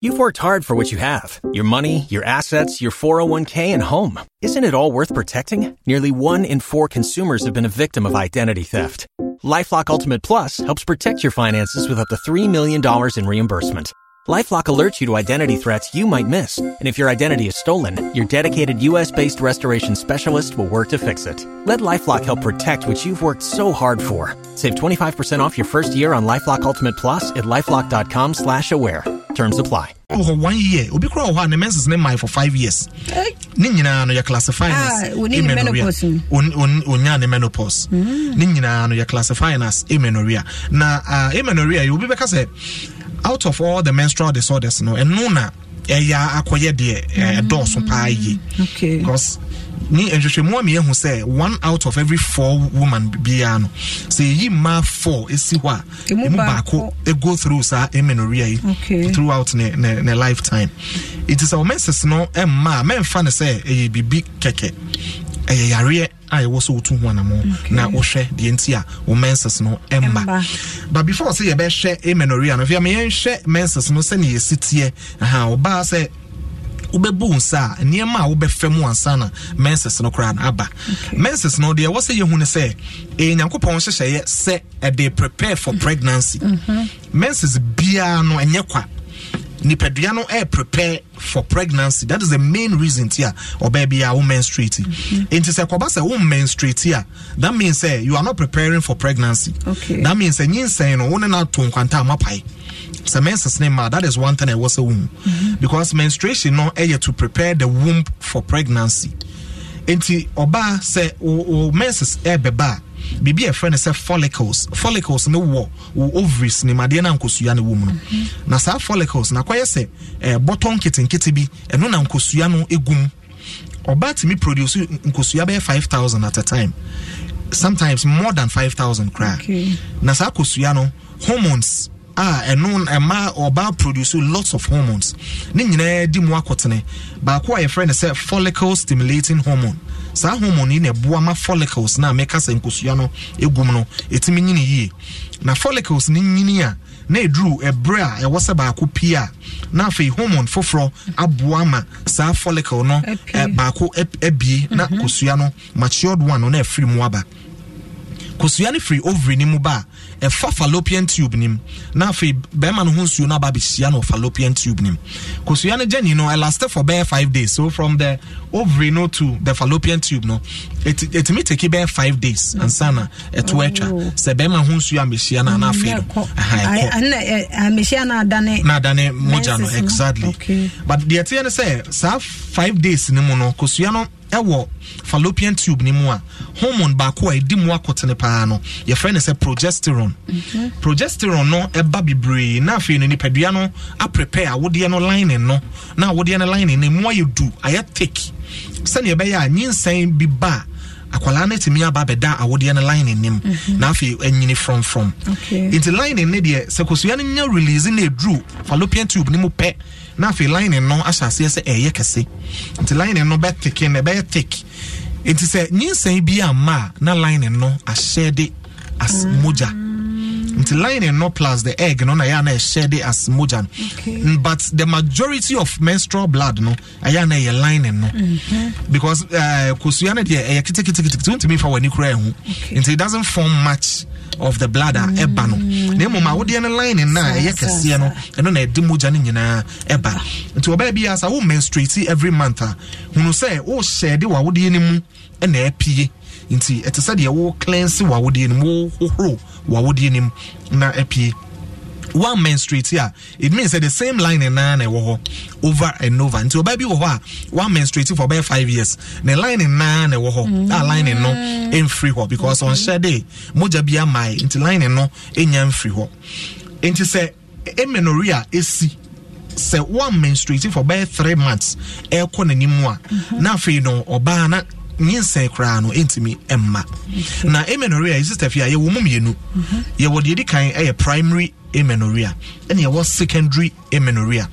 You've worked hard for what you have your money, your assets, your 401k, and home. Isn't it all worth protecting? Nearly one in four consumers have been a victim of identity theft. Lifelock Ultimate Plus helps protect your finances with up to $3 million in reimbursement. LifeLock alerts you to identity threats you might miss. And if your identity is stolen, your dedicated U.S.-based restoration specialist will work to fix it. Let LifeLock help protect what you've worked so hard for. Save 25% off your first year on LifeLock Ultimate Plus at LifeLock.com slash aware. Terms apply. Oh, one year. Obi kura oha ne menses ne mai for 5 years. Nini na no ya ah, we need menopause. Un-un-un ne menopause. Mm. Nini na no ya classifying as amenorrhea. Na amenorrhea ah, you be beka out of all the menstrual disorders no ɛno na ɛyɛ akɔyɛ deɛ mm. ɛdɔɔso paa yie because ni nhwehwɛmu a mmienu sɛ one out of every four woman biara no sɛ èyí mmaa four esi hɔ a emu baako go through saa amenorrhea yi throughout ne ne ne lifetime it is our menses no mmaa mɛnfa ne sɛ ɛyɛ bibi kɛkɛ ɛyɛ yareɛ a ɛwɔ sɛ wotu ho anamɔ na wohwɛ deɛ nti a wo menses no ɛmba but before sɛ yɛbɛhwɛ amenoria no afei yɛnhwɛ menses no sɛneɛ yɛsi teɛ ɔbaa sɛ wobɛbu nsa a nneɛma a wobɛfɛ mu ansa na menses no koraa no aba menses no deɛ ɛwɔ sɛ yɛhu no sɛ ɛyɛ eh, hyehyɛeɛ sɛ ɛde prepare for pregnancy mm-hmm. menses biara no ɛnyɛ kwa nipadua no air eh, prepare for pregnancy that is the main reason tia Or bi a ah, wo menstruate mm-hmm. nti sɛ kɔba sɛ wo menstruate a that means sɛ eh, you are not preparing for pregnancy okay. that means sɛ eh, nyinsɛn no wo ne no to nkwanta ama pae sɛ menses ne that is one thing a ɛwɔ sɛ womb, because menstruation no ɛyɛ to prepare the womb for pregnancy nti ɔbaa sɛ wo menses ɛɛbɛba a biribi a ɛfrɛ no sɛ follicles follicles no wɔ wo ovaries ne madeɛ no nkosua no wɔ mu no na saa follicles na akɔyɛ sɛ eh, bɔtɔ nketenkete bi ɛno na nkosua no ɛgu mu ɔbaa tumi produce nkosua bɛyɛ 5000 at a time sometimes more than 5000 koraa okay. na saa kosua no hormones a ɛno ɛma ɔbaa produce lots of hormones ne nyinaa di mu akɔtene baako a yɛfrɛ no sɛ follicle stimulating hormone saa hormone yi na ɛboa ma follicles na mɛka sɛ nkosua no egum no etimi nyini yie na follicles ne nyini a na eduru ɛbrɛ a ɛwɔ sɛ baako pie na afei hormone foforɔ aboa ma saa follicle no ɛɛ baako ɛbie na mhm. kosua no matured one no na ɛfiri mu aba kosua no firi ovary no mu ba a ɛfa fallopian tube nim na afei bɛrima no ho nsuo no aba abɛhyia no fallopian tube nim kosua no gyani no ɛlaste for bɛyɛ five days so from the ovary no to the fallopian tube no ɛtumi teki bɛyɛ five days ansa na ɛto oh. atwa sɛ bɛrima ho nsuo amɛhyia no ana mm, afei no eh, na adane mogya no exactly okay. but deɛ ɛteɛ no sɛ saa five days no mu no kosua no ɛwɔ fallopian tube ni mu a hormone baako a ɛdi mu akɔtene paa no yɛfrɛ no sɛ progesterone mhm. progesterone no ɛba bebree na afei no nipadua no aprepare awodeɛ no lining no na awodeɛ no lining no mu ayɛ du ayɛ thick sɛnea ɛbɛyɛ a nyinsɛn bi ba a akwadaa no tumi aba abɛda awodeɛ no lining nim mhm. na afei anyini frɔmfrɔm okay. nti lining no deɛ sɛ kosua no nya release no ɛduru fallopian tube ni mu pɛ na afei line no ahyɛ aseɛ sɛ ɛyɛ kɛse nti line no bɛteke na ɛbɛyɛ tek nti sɛ nyinsɛn bi ama na line no ahyɛ de as mogya. Mm nti lining not plus the egg no na ɛyɛ na ɛhyɛ de as moja no mm, but the majority of menstrual blood no ɛyɛ na ɛyɛ lining no mm-hmm. because eh, kosua no deɛ ɛyɛ keteketekete wontumi fa w'ani koraa ɛho nti it doesn't form much of the blood a mm. ɛba no na mmom awodeɛ no lining na a ɛyɛ kɛseɛ no ɛno na ɛde mogya no nyinaa ɛba nti ɔbaa bi a sa wo menstruate every month a hunu sɛ wohyɛ de w'awodeɛ no mu ɛna ɛpie nti ɛte sɛ deɛ wo cleanse w'awodeɛ nim wo hohoro w'awodeɛ nim na ɛpie one menstruate a it means that the same line na na ɛwɔ hɔ over and over nti ɔbaa bi wɔ hɔ a one menstruate for about five years na line na na ɛwɔ hɔ mm. a ah, line no ɛnfiri hɔ because ɔnhyɛ mm. de mogya bi ama yi nti line no ɛnya nfiri hɔ nti sɛ amenorrhea esi sɛ one menstruate for about three months ɛkɔ n'anim a mm-hmm. na afei no ɔbaa na nyinsɛn koraa no ɛntumi mma na amenorrhea ɛsistafie a yɛwɔ mu mmienu yɛwɔ deɛ ɛdi kan ɛyɛ primary amenorrhea ɛne yɛwɔ secondary amenorrhea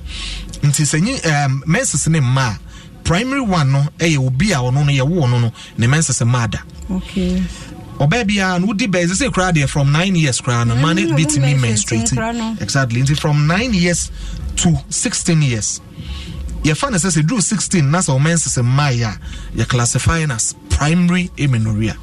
nti sɛ nyi menses ne mma a primary one no ɛyɛ obi a ɔno no yɛwo ɔno no ne menses mmaa da ɔbaa biara no wodi bɛyɛ sɛ koraa deɛ from nine years koraa no ma ne mi menstruating. exactly nti from nine years to sixteen years yɛfa no sɛ sɛ duru 16 na sɛ ɔmansis mmaeɛ a yɛ classifying as primary amenorrhea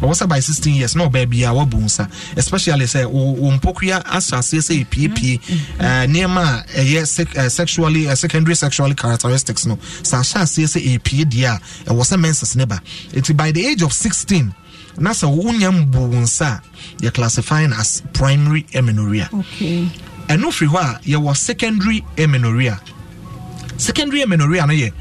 ɔwɔ sɛ by 16 years na ɔbaa biaa wabu nsa especially sɛ wo mpokua ahyɛ aseɛ sɛ yɛpiepie mm-hmm. Mm-hmm. Eh, nneɛma a ɛyɛ eh, sexually uh, secondary sexual characteristics no sɛ ahyɛ aseɛ sɛ ɛpie deɛ a ɛwɔ sɛ mensis ne ba nti by the age of 16 na sɛ wonya mbu nsa a yɛ classifying as primary amenorrhea ɛno okay. firi hɔ a yɛwɔ secondary amenorrhea secondary amenorrhea no yɛ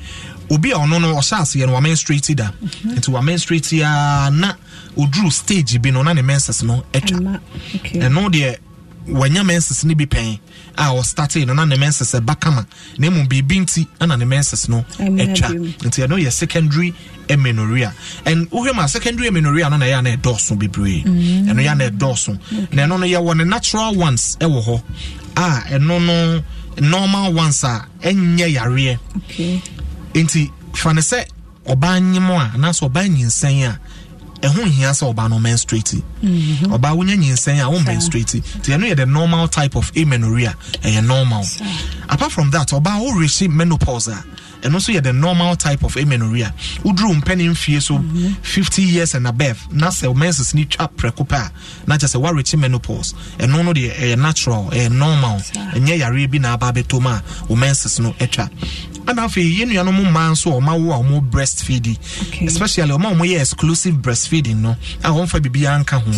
obi a ɔno no ɔhyɛ aseɛ no wamenstrate da nti Street a mhm. na ɔduru stage bi no na ne menses no atwa ɛno deɛ wanya menses no bi pɛn a ɔstartee no na ne menses ɛba kama na mmom biribi nti na ne menses no atwa nti ɛno yɛ secondary amenorrhea and wohwɛ ma secondary amenorrhea no na ɛyɛ a mm. na ɛdɔɔso bebree ɛno yɛ a na ɛdɔɔso na ɛno no yɛwɔ ne natural ones ɛwɔ e hɔ a ɛno no normal ones a ɛnyɛ yareɛ nti fa ne sɛ ɔbaa nyim a anaasɛ ɔbaa nyinsɛn a ɛho nhia sɛ ɔbaa no menstruate mhm. ɔbaa wonya nyinsɛn a wo menstruate nti ɛno yɛ the normal type of amenorrhea ɛyɛ normal apart from that ɔbaa worehye menopause a ɛno nso yɛ the normal type of amenorrhea woduru mpɛne mfie so 50 years and above na sɛ menses ne twa prɛko pɛ a na kyɛ sɛ woarekye menopause ɛno no deɛ ɛyɛ natural ɛyɛ normal ɛnyɛ yareɛ bi na aba abɛtom a wo menses no atwa ana afei yɛn nua no mu mmaa nso ɔma wo a ɔmo breastfeeding okay. especially ɔma ɔmo yɛ exclusive breastfeeding no a ɔmfa biribiara nka ho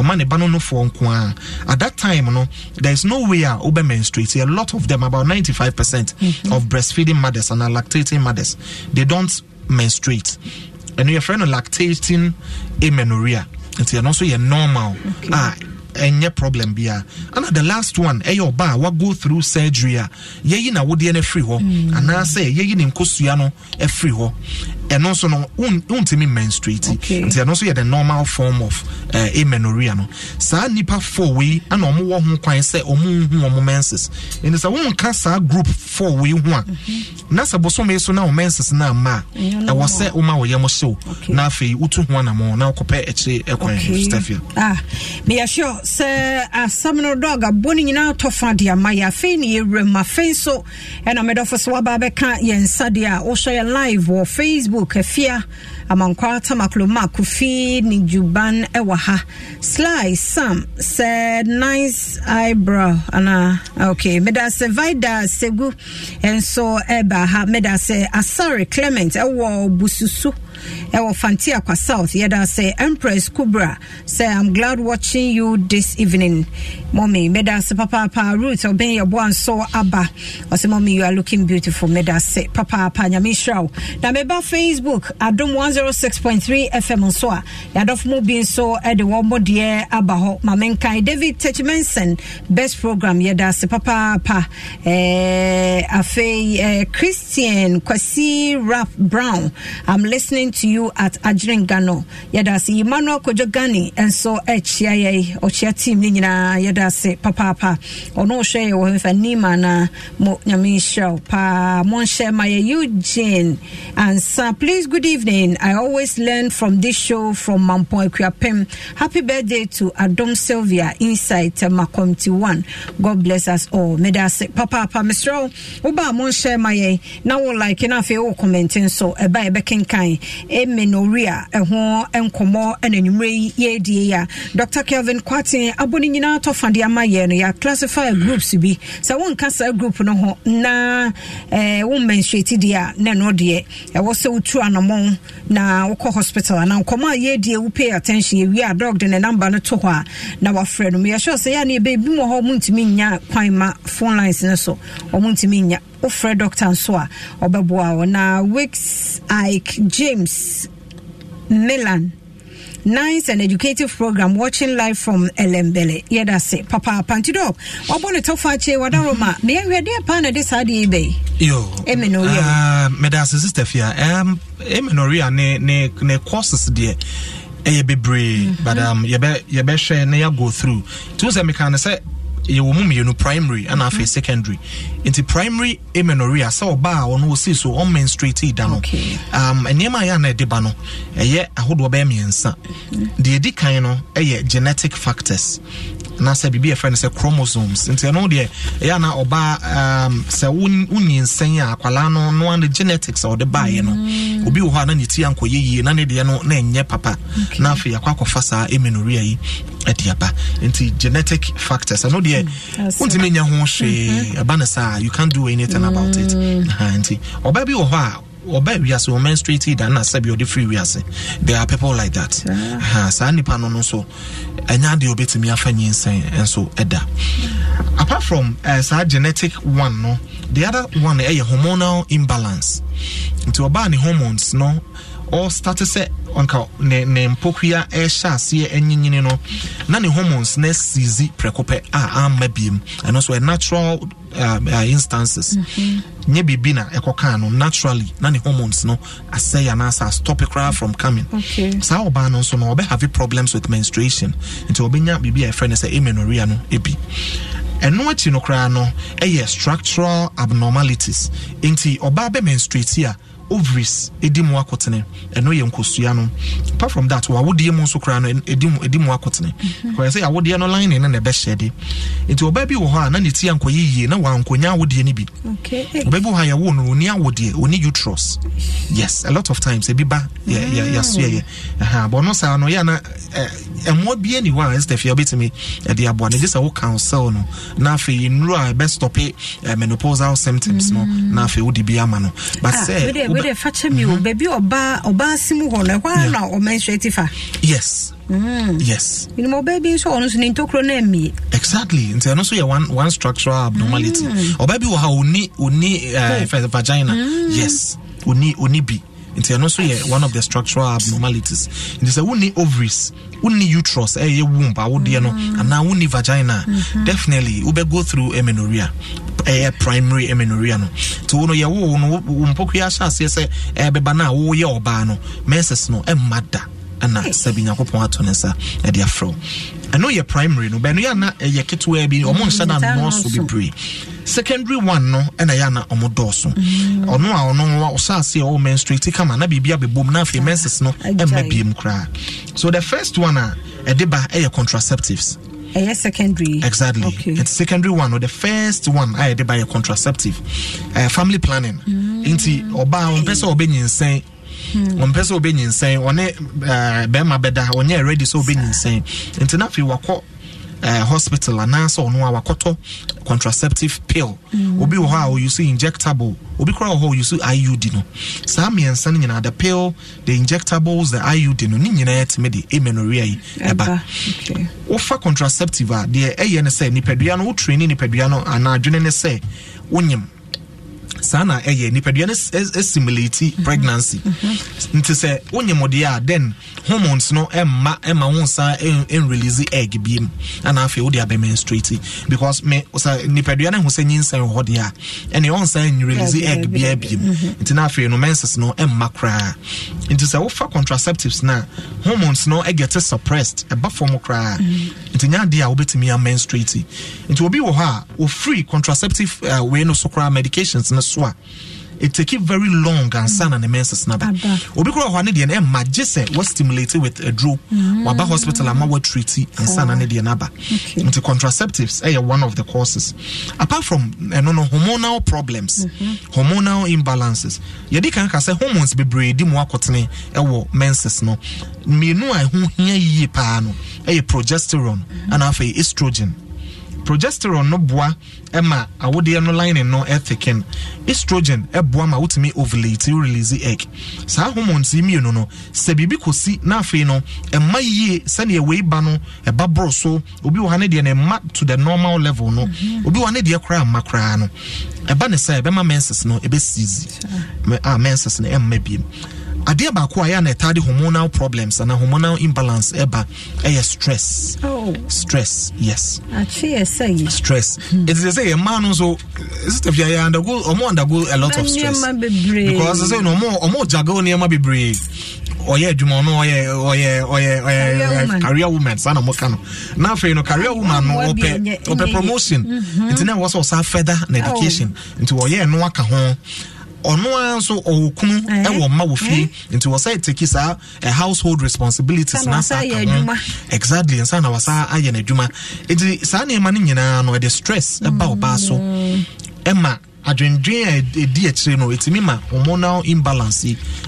ɔma ne ba no no foɔ nko ara at that time no there is no way a ah, wobɛ menstruate a lot of them about 95 percent mm-hmm. of breastfeeding mothers and lactating mothers they don't menstruate ɛno yɛfrɛ no lactating amenorrhea nti ɛno nso yɛ normal okay. a ah, ɛnyɛ problem bia ana the last one ɛyɛ ɔba a wago through surgery a yɛyi na wodeɛ no afiri hɔ mm. anaasɛ yɛyi ne nkosua no afiri hɔ ɛno nso no wontumi menstruate nti ɛno nso yɛ the normal form of uh, amenorrhea no saa nnipa four wei ana ɔmowɔ ho kwan sɛ ɔmonhu ɔmo menses ɛnti sɛ wonka saa group four wei ho a mm-hmm. na sɛ bosome so na wo menses no ama a ɛwɔ sɛ woma wo yam hyew na afei wotu ho anamɔ na wokɔpɛ akyire ɛkwan stafia ah, meyɛ sure sɛ ah, asɛm no dɔg abɔ no nyinaa tɔ fa de ama yɛ afei ne yɛwura mu afei nso ɛna medɔfo so woaba bɛka yɛnsa deɛ a wohwɛ yɛ live wɔ facebook abo kafia amankwa tamakloma kofi ne dwuban ɛwɔ ha sly sam sɛ nice eyebrow ana okay meda sɛ vida segu nso ɛba ha meda sɛ asare clement ɛwɔ bususu ɛwɔ fanti akwa south yɛda sɛ empress kubra sɛ i'm glad watching you this evening mommy meda se papaapa root ɔbɛn yɛ boa nso aba ɔsɛ mommy you are looking beautiful meda say papaapa nyame hyira wo na meba facebook adom 106.3 fm nso a yɛadɔfo mu bi nso de wɔn mmɔdeɛ aba hɔ ma david techmanson best program yɛda se papaapa eh, afei eh, christian kwasi rap brown i'm listening to you at Adringano. Yadasi Emmanuel Kojogani and so Echiaye or Chia team Nina Yadasi Papa or no share or if a Nimana Michelle Pa Monshe mai Eugene and sir, please good evening. I always learn from this show from Mampo Equiapem. Happy birthday to Adam Sylvia Insight Makomti One. God bless us all. Medasi Papa Papa Mr. Oba Monshe Maya now like enough you commenting so a by Bekinkai. menorrhea ɛho nkɔmmɔ ɛna anwummerɛ yi yɛredie yi a dr kelvin kwaten abɔ no nyinaa tɔ fadeɛ ama yɛ no yɛ groups bi sɛ wonka saa group no ho na eh, wommensuati deɛ a na ɛno deɛ ɛwɔ sɛ wotu anammɔn na wokɔ hospital na nkɔmmɔ a yɛdie wo pay attention yɛwie a dog de ne number no to hɔ a na wafrɛ no mu sɛ yɛ a ne yɛbɛbi mu hɔ ɔmo ntumi nnya kwan ma phone lines no so ɔmo ntumi nnya wofrɛ dɔctor nso a ɔbɛboa wo na wix ike james milan nice and educative program watching live from elembele yɛda se papa pantido. wabɔ ne tɔfo akyɛ wada roma meyɛhwɛ deɛ paa na de saa deɛ yibɛi ɛmenoria ah, meda ase sister fia ɛmenoria ne ne ne courses deɛ ɛyɛ bebree mhm. but um, yɛbɛhwɛ na yɛago through nti wo sɛ meka ne sɛ yɛwɔ mu mmienu primary ɛna afei mhm. secondary nti primary amenorrhea sɛ ɔbaa a ɔno ɔsii so ɔn menstruate da no um, nneɛma a yɛ ana ɛde ba no ɛyɛ ahodoɔ bɛyɛ mmiɛnsa mhm. deɛ ɛdi kan no ɛyɛ genetic factors na sɛ biribi yɛfrɛ no sɛ chromosomes nti ɛno deɛ ɛyɛ na ɔbaa um, sɛ wonni nsɛn a akwalaa no no genetics a ɔde baeɛ no mm. obi wɔ hɔ a na ne ti ankɔyɛ yie na ne deɛ no na ɛnyɛ papa okay. na afei akɔ akɔfa saa amenorrhea yi ɛde aba nti genetic factors ɛno deɛ mm, wontumi nyɛ ho hwee mm-hmm. ɛba ne saa you can't do anything mm. about it mm. nti ɔbaa bi wɔ hɔ a ɔbaa wiase wɔn menstruate da na sɛbi ɔde firi wiase there are people like that saa nipa no no nso ɛnya deɛ ɔbɛtumi afa nyinsɛn nso ɛda apart from uh, eh, saa genetic one no the other one ɛyɛ hormonal imbalance nti ɔbaa ne hormones no ɔstate sɛ nka ne ne mpokua ɛhyɛ e aseɛ ɛnyinyini no na ne hormones na sizi prɛko pɛ a ama biem ɛno nso natural um, uh, instances mm-hmm. nyɛ biribi na ɛkɔkaa e no naturally na ne hormones no asɛe anaasɛ astop koraa from coming okay. saa ɔbaa no nso no ɔbɛhave problems with menstruation nti ɔbɛnya biribi a ɛfrɛ e no sɛ amenorrhea no ɛbi ɛno akyi no koraa no ɛyɛ structural abnormalities nti ɔbaa bɛ menstrate a ovaries ɛdi mu akotene ɛno yɛ nkosua no apart from that wawodeɛ mu nso koraa no ɛdi mu akotene mhm. kɔyɛ sɛ awodeɛ no line ne na ɛbɛhyɛ de nti ɔbaa bi wɔ hɔ a na ne ti ankɔyɛ yie na wankonya awodeɛ no bi ɔbaa bi wɔ hɔ a yɛwo no ɔni awodeɛ ɔni uterus yes a lot of times ebi ba yɛasoɛyɛ mm. bɔ no saa no yɛ na ɛmmoa eh, eh, bia ni hɔ a ɛsɛ fia wobɛtumi ɛde aboa no gye sɛ wo council no na afei nnuro a ɛbɛstɔpe eh, menopausal symptoms no mm. na afei wode bi ama no but ah, sɛ wei fa kyɛ mi o baabi ɔbaa ɔbaa si mu hɔ no ɛhɔ ara na ɔman so fa. yes. Mm. yes. ɛnum ɔbaa bi nso ɔno nso ne ntokuro na mmie. exactly nti ɛno nso yɛ one one structural abnormality ɔbaa mm. bi wɔ ha oni oni eh, vagina mm. yes oni oni bi nti ɛno nso yɛ one of the structural abnormalities nti sɛ wonni ovaries wonni uterus ɛyɛ eh, womb awodeɛ no anaa wonni vagina mm-hmm. definitely wobɛgo through amenorrhea ɛyɛ eh, primary amenorrhea no nti wo no yɛwo no wo eh, mpɔkuya ahyɛ aseɛ sɛ ɛbɛba no a woyɛ ɔbaa no menses no ɛmma da ɛna sɛbi nyankopɔn ato ne nsa ɛde afrɛ ɛno yɛ primary no bɛno yɛana ɛyɛ ketewa bi ɔmo nhyɛ no anonɔɔso bebree secondary one no ɛna yɛ ana ɔmo dɔɔso mm. ɔno a ɔno ɔhyɛase a ɔwɔ menstrate kama na biribi abɛbom na afei menses no ɛmma biem koraa so the first one a ɛde ba ɛyɛ contraceptives ɛyɛ secondary exactly okay. it's secondary one or the first one a yɛde ba yɛ contraceptive uh, family planning mm. nti ɔbaa ɔmpɛ sɛ ɔbɛnyinsɛn ɔmpɛ hmm. sɛ wobɛnyinsɛn ɔne bɛrima bɛda ɔnyɛ ready sɛ wobɛnyinsɛn nti na afei wakɔ hospital anaasɛ ɔno a wakɔtɔ contraceptive pill mm. obi wɔ hɔ a ɔyusu injectable obi koraa wɔ hɔ ɔyusu iud no saa mmiɛnsa no nyinaa the pill the injectables the iud no ne nyinaa tumi de amenorrhea yi ɛba wofa contraceptive a deɛ ɛyɛ ne sɛ nipadua no wotraini nipadua no anaa adwene ne sɛ wonyim saa na ɛyɛ eh, nipadua no similiti mm-hmm. pregnancy mm-hmm. nti sɛ wonyɛ mmɔdeɛ a then hormones no ɛmma eh, ɛma eh, wo nsa ɛnrelease egg bi mu ana afei wode abɛ menstrate because me sɛ nipadua no ho sɛ nyinsɛn wɔ hɔ deɛ a ɛne ɔnsa ɛnrelease egg biaa bi mu nti na afei no menses no ɛmma koraa nti sɛ wofa contraceptives na hormones no ɛgɛte suppressed ɛba fam koraa mm-hmm. nti nyɛ adeɛ a wobɛtumi a menstrate nti obi wɔ hɔ a wɔfiri contraceptive wei no so koraa medications no so a ɛtaki very long and na ne menses no da obi kora hɔ ne deɛ no ɛmma eh, gye sɛ wastimulate with aduro mm. waba hospital ama watreati ansa na ne deɛ no aba nti contraceptives ɛyɛ eh, one of the causes apart from ɛno eh, no hormonal problems mm-hmm. hormonal imbalances yɛde kan ka sɛ hormones be di mu akɔtene ɛwɔ menses no mmienu a ɛho hia yie paa no ɛyɛ progesterone mm-hmm. and afei estrogen progesterone no boa ma awodeɛ no lining no thicken estrogen boa ma wotumi ovulate release egg saa hormones yi mmienu no sɛ biribi kɔsi na afei no ɛma yie sɛdeɛ wei ba no ɛba borɔ so obi wɔ ha ne deɛ no ɛma to the normal level no mhm. obi wɔ ha ne deɛ koraa mma koraa no ɛba ne sɛ ɛbɛma menses no ɛbɛsiisi a menses no ɛmma biem adeɛ baako a ɛyɛ na ɛtaade hormonal problems ana hormonal imbalance ɛba ɛyɛ stress oh. stress yes stress hmm. ɛti sɛ sɛ man mmaa no nso system yɛ yɛ undergo ɔmo undergo a lot of stress because sɛ no ɔmo ɔmo juggle nneɛma bebree yeah. adwuma yeah. ɔyɛ yeah. ɔyɛ yeah. career woman saa na mo ka Now for you know career woman no ɔpɛ ɔpɛ promotion mm-hmm. nti na ɛwɔ What's also further na oh. education yeah. No ɛno aka home. ɔno ara nso ɔwɔ kunu ɛwɔ mma wɔ fie nti wɔsɛ ɛteki saa eh, household responsibilities na saa ka ho exactly nsa na wɔsa ayɛ n'adwuma nti saa nneɛma no nyinaa no ɛde stress ɛba ɔbaa so mm. ɛma adwendwen a ɛdi akyire no ɛtumi ma hormonal imbalance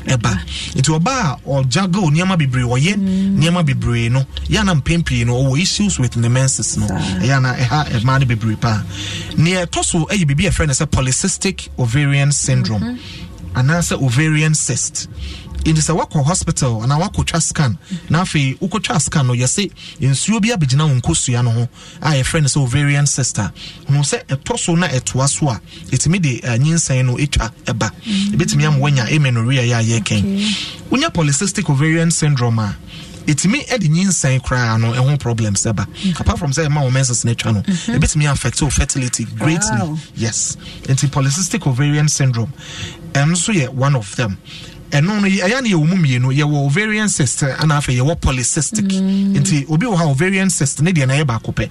ɛba nti ɔba a ɔjuggle nneɛma bebree ɔyɛ mm. nneɛma bebree no yɛ na mpɛn pii no ɔwɔ issues with ne menses no ɛyɛ ana ɛha ɛmaa no bebree paa nea ɛtɔ so ɛyɛ biribi a yɛfrɛ no sɛ polycystic ovarian syndrome mhm. anaasɛ ovarian cyst ɛnti sɛ woakɔ hospital anaa woakɔtwa scan na afei wokɔtwa scan no yɛse nsuo bi abɛgyina wo nkɔsua no ho a yɛfrɛ no sɛ ovarian sister hu sɛ ɛtɔ so na ɛtoa so uh, a ɛtumi de nyinsɛn no ɛtwa ɛba ɛbɛtumi ama woanya amenorrhea yɛ a yɛkɛn wonya polycystic ovarian syndrome a ah. ɛtumi e de nyinsɛn koraa no ɛho e problem sɛ ba apart from sɛ ɛma womenses no atwa no ɛbɛtumi affect wo oh, fertility greatly wow. yes nti polycystic ovarian syndrome ɛno nso yɛ one of them ɛno no ɛyɛ no yɛwɔ mu mmienu yɛwɔ ovarian cyst ana afei yɛwɔ polycystic mm. nti obi wɔ ha ovarian cyst ne deɛ na ɛyɛ baako pɛ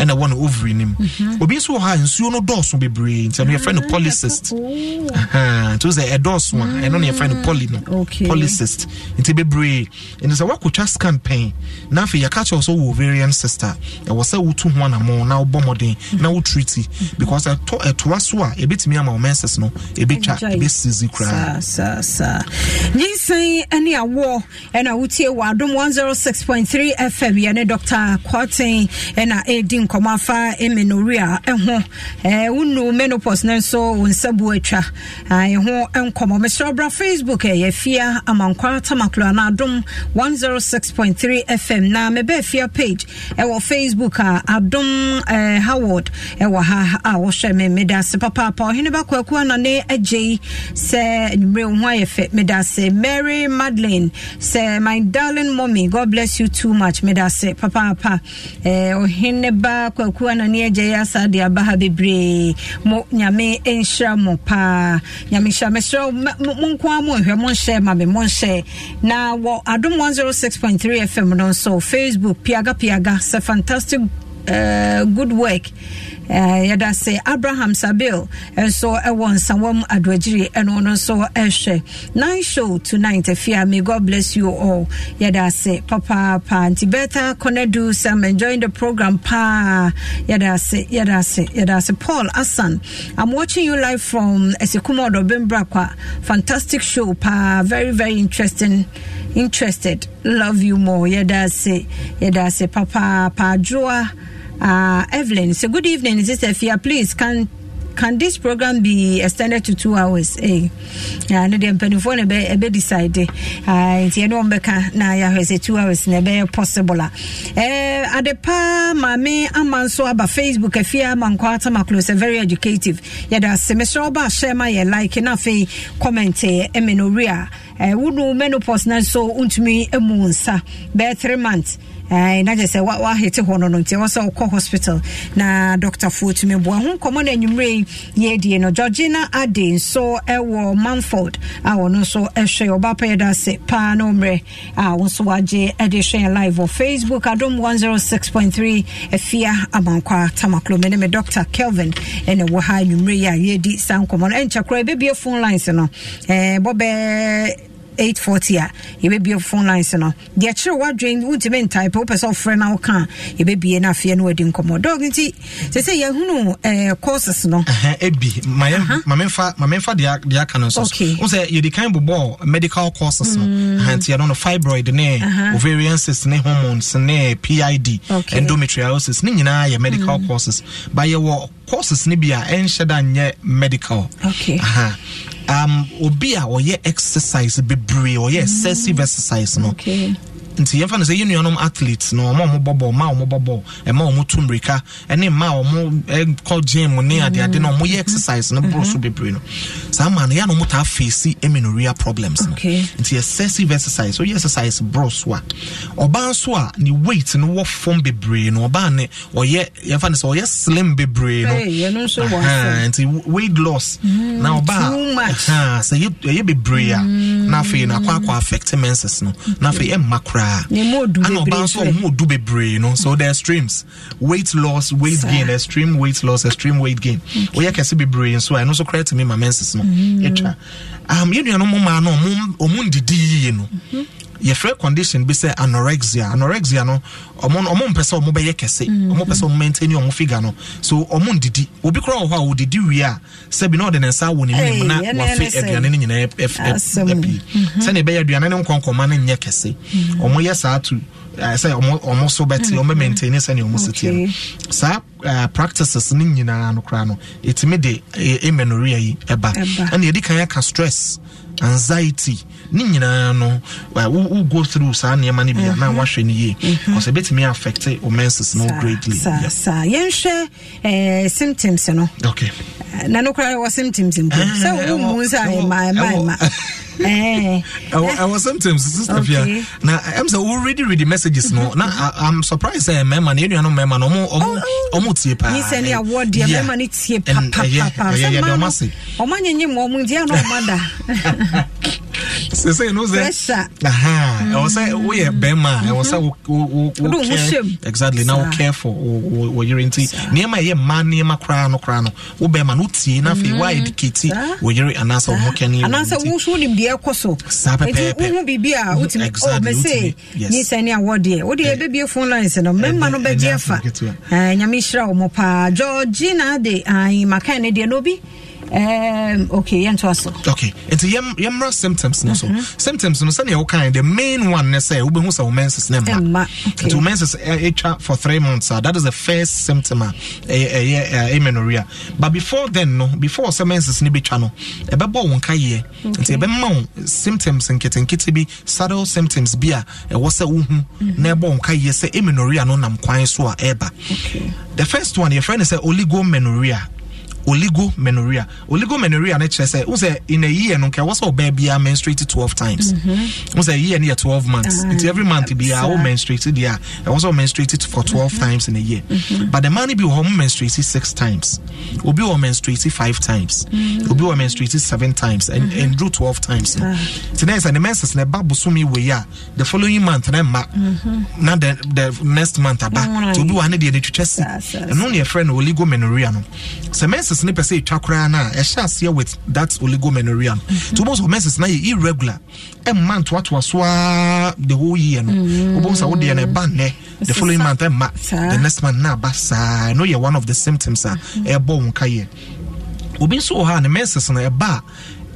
ɛna ɛwɔ no ovary no mu mm-hmm. obi nso wɔ ha nsuo no dɔɔso bebree nti ɛno yɛfrɛ no ah, polycyst oh. nti sɛ ɛdɔɔso a ɛno no yɛfrɛ no poly no polycyst nti bebree nti sɛ woakɔtwa scan pɛn na afei yɛka kyerɛ sɛ wɔ ovarian cyst a ɛwɔ sɛ wotu ho anammɔ na wobɔ mmɔden na wotriti mm-hmm. because ɛtoa so a ɛbɛtumi ama wo menses no ɛbɛtwa ɛbɛsizi koraa nyinsɛn ne awoɔ ɛna wotie wɔ adom 106.3 fm yɛne dr cotton ɛna ɛredi nkɔmmɔ afa menoria ho wonu menopos no nso wo nsabu atwa ɛho nkɔmmɔ mesrɛ bra facebook yɛafia amankwa tamaklo ana adom 106.3 fm na mebɛ afia page ɛwɔ facebook a adom howard ɛwɔ ha a wɔhwɛ me meda ase papaapa ɔhene bakwaku anane agye yi sɛ nwummerɛ ho ayɛ fɛ Say mary madeline say my darling mommy god bless you too much Say Papa, Papa. eh, ba kwaku anane ya yɛ sa de aba ha mo nyame nhyira mo pa. nyame hyira mesrɛ mo nko a monhwɛ monhyɛ ma me monhyɛ na wɔ adom 106.3 fm no facebook piaga piaga sɛ fantastic uh, good work uh, yɛda say abraham sabil want ɛwɔ nsawam adoagyiri ɛno no nso ɛhwɛ Nice show tonight uh, afia may god bless you all Papa, ase papaapa Can I do some enjoying the program paa yeah, ase yɛda yeah, yɛda say. paul asan i'm watching you live from esikumo ɔdɔbembrakwa fantastic show Pa. very very interesting interested love you more yɛda ase say. Papa, Pa, adwoa uh, Evelyn, so good evening. Is This is Afia. Please, can can this program be extended to two hours? Eh? I no, the mpanyinfoɔ na ɛbɛ decided. Uh, I I don't bɛka na yahoo sɛ two hours na ɛbɛyɛ possible a. Eh, adepa so i nso aba Facebook afia ama nkɔ atama close very educative. Yɛde asemesrɛ semester ahyɛ share my like na afei comment eh, ɛmɛ no ria. Eh, wunu menopause na nso ntumi emu nsa bɛyɛ three months. na kyɛ sɛ wahete hɔ no no nti ɛwɔ sɛ wokɔ hospital na doctorfoɔ tumi boa ho nkɔmmɔ no anwummerɛ yi yɛdie no georgina ade nso ɛwɔ manford a wɔno nso ɛhwɛ ɔba pɛyɛ da ase paa na ɔmmerɛ a wo nso wagye de hwɛ live wɔ facebook adom 106.3 afia amankwa tamaklo me ne me dr kelvin ɛne wɔ ha anwummerɛ yi a yɛdi saa nkɔmmɔ no ɛnkyɛ koraa ɛbɛbie phone lines no bɔbɛɛ eight forty a yɛbɛbie phone lines no deɛ kyerɛ wadwen wontumi ntaepe wopɛ sɛ wofrɛ no woka a yɛbɛbie no afeɛ no wadi nkɔmmɔ Dog, nti sɛ sɛ yɛhunu eh, courses no ɛbi mamemfa deɛ aka no nso wo sɛ yɛdi kan bobɔɔ medical courses no mm. nti ɛno no fibroid ne ovariances ne hormones ne pid endometriosis ne nyinaa yɛ medical mm. courses ba yɛwɔ courses no bi a ɛnhyɛ da nyɛ medical um, obi a ɔyɛ exercise bebree ɔyɛ excessive exercise no okay nti yɛmfa no sɛ yɛ nuanom athletes no ɔma ɔmo bɔbɔ ma ɔmo bɔbɔ ɛma ɔmo tu mmirika ɛne ma ɔmo kɔ gym ne adeade na ɔmo yɛ exercise no boro so bebree no saa ma no yɛ na ɔmo taa face amenorrhea problems no nti excessive exercise oyɛ exercise boro so a ɔbaa nso a ne weight no wɔ fam bebree no ɔbaa ne ɔyɛ yɛmfa no sɛ ɔyɛ slim bebree no nti weight loss mm, na ɔbaa sɛ ɛyɛ bebree a na afei akɔ akɔ affect menses no na afei ɛmma koraa koraa ana ɔbaa nso ɔmo odu bebree no so there are streams weight loss weight Sir. gain extreme weight loss extreme weight gain oyɛ kɛse bebree nso a ɛno nso koraa me ma menses no atwa mm-hmm. um yɛn nuanom mo maa no ɔmo ɔmo ndidi yie no. Mm-hmm yɛfrɛ condition bi sɛ anorexia anorexia no ɔmo ɔmo mpɛ sɛ ɔmo bɛyɛ kɛse mm. ɔmo pɛ sɛ ɔmo maintain ɔmo figure no so ɔmo ndidi obi koraa wɔ hɔ a odidi wie a sɛbi na ɔde ne nsa wɔ ne menim na wafe aduane no nyinaa ɛpii mhm. sɛnea ɛbɛyɛ aduane no nkɔnkɔma no nyɛ kɛse mm. ɔmo yɛ saa to Eh, sɛ ɔmo so bɛte mm-hmm. ɔmo maintain sɛnea ɔmo siteɛ no saa eh, practices ne nyinaa no koraa no ɛtumi de eh, amenorrhea yi ɛba ɛna yɛdi kan aka stress anxiety ne nyinaa no wo go through saa nneɛma no bia na mm-hmm. wahwɛ no yie ɔsɛ mm-hmm. ɛbɛtumi affect wo menses no greatly yɛnhwɛ symptoms no na no koraa wɔ symptoms mpo sɛ womu sɛ ɛma ɛma ɛma ɛwɔ eh. sometimes sister fia na ɛm sɛ woredi redi messages no na am mm-hmm. surprised sɛ eh, mmarima no yɛnuanom mmarima no ɔmo oh. tie paa nisɛne awoɔ deɛ mmarima no tie papapapa sɛ ma no ɔma nyɛnyɛ mu ɔmo ntia na ɔma da sese no sɛ ɛwɔ sɛ woyɛ bɛrima a ɛwɔ sɛ wokɛ exactly na care for wɔ yere nti nneɛma ɛyɛ mma nneɛma koraa no koraa no wo bɛrima no wotie na afei woa edikati wɔ yere anaasɛ wo ho kɛ ne anaasɛ woso wonim deɛ ɛkɔ so saa pɛpɛɛpɛ wohu biribi a wotumi mɛ se nyisɛ ne awɔ deɛ wodeɛ ɛbɛbie phone lines no mɛma no eh, bɛgye eh, eh, afa nyame hyira wɔ mɔ paa georgina de ah, makae ne deɛ na obi Um, okay, to so. Okay, nti yɛm yɛmmra symptoms no so. Mm-hmm. Symptoms no sɛnea wokae the main one ne sɛ wobɛhu sɛ wo menses ne mma. Nti wo menses for three months a ah, that is the first symptom a ah, ɛyɛ amenorrhea. But before then no, before sɛ menses ne bɛtwa no, ɛbɛbɔ wo nkaeɛ. Nti ɛbɛma wo symptoms nketenkete bi subtle symptoms bi a ɛwɔ sɛ wohu mm-hmm. na ɛbɔ wo nkaeɛ sɛ amenorrhea no nam kwan so a ɛba. The first one yɛfrɛ no sɛ oligomenorrhea. oligomenorrhea oligomenorrhea no kyerɛ sɛ wo sɛ in a year no nka ɛwɔ sɛ ɔbaa biara menstruate 12 times mhm. wo sɛ year no yɛ 12 months ah, nti every month biara wo menstruate deɛ a ɛwɔ sɛ ɔmenstruate for 12 mhm. times in a year mhm. but the man bi wɔ hɔ mo menstruate 6 times obi wɔ menstruate 5 times obi wɔ menstruate 7 times and ɛnduru 12 times no ah. nti na yɛ sɛ ne menses na ɛba bosome wei a the following month ne ɛma na the next month aba nti obi wɔ ha ne deɛ ne twitwa si ɛno ne yɛfrɛ no oligomenorrhea no sɛ menses menses ne pɛ sɛ ɛtwa koraa no a ɛhyɛ aseɛ with that oligomenorrhea no mhm. nti wobɛhu sɛ menses no yɛ irregular ɛmma ntoatoa so a the whole year no mhm. wobɛhu sɛ wodeɛ no ɛba nnɛ the following month the next month na aba saa ɛno yɛ one of the symptoms a mhm. ɛbɔ wo nka obi nso wɔ ha ne menses no ɛba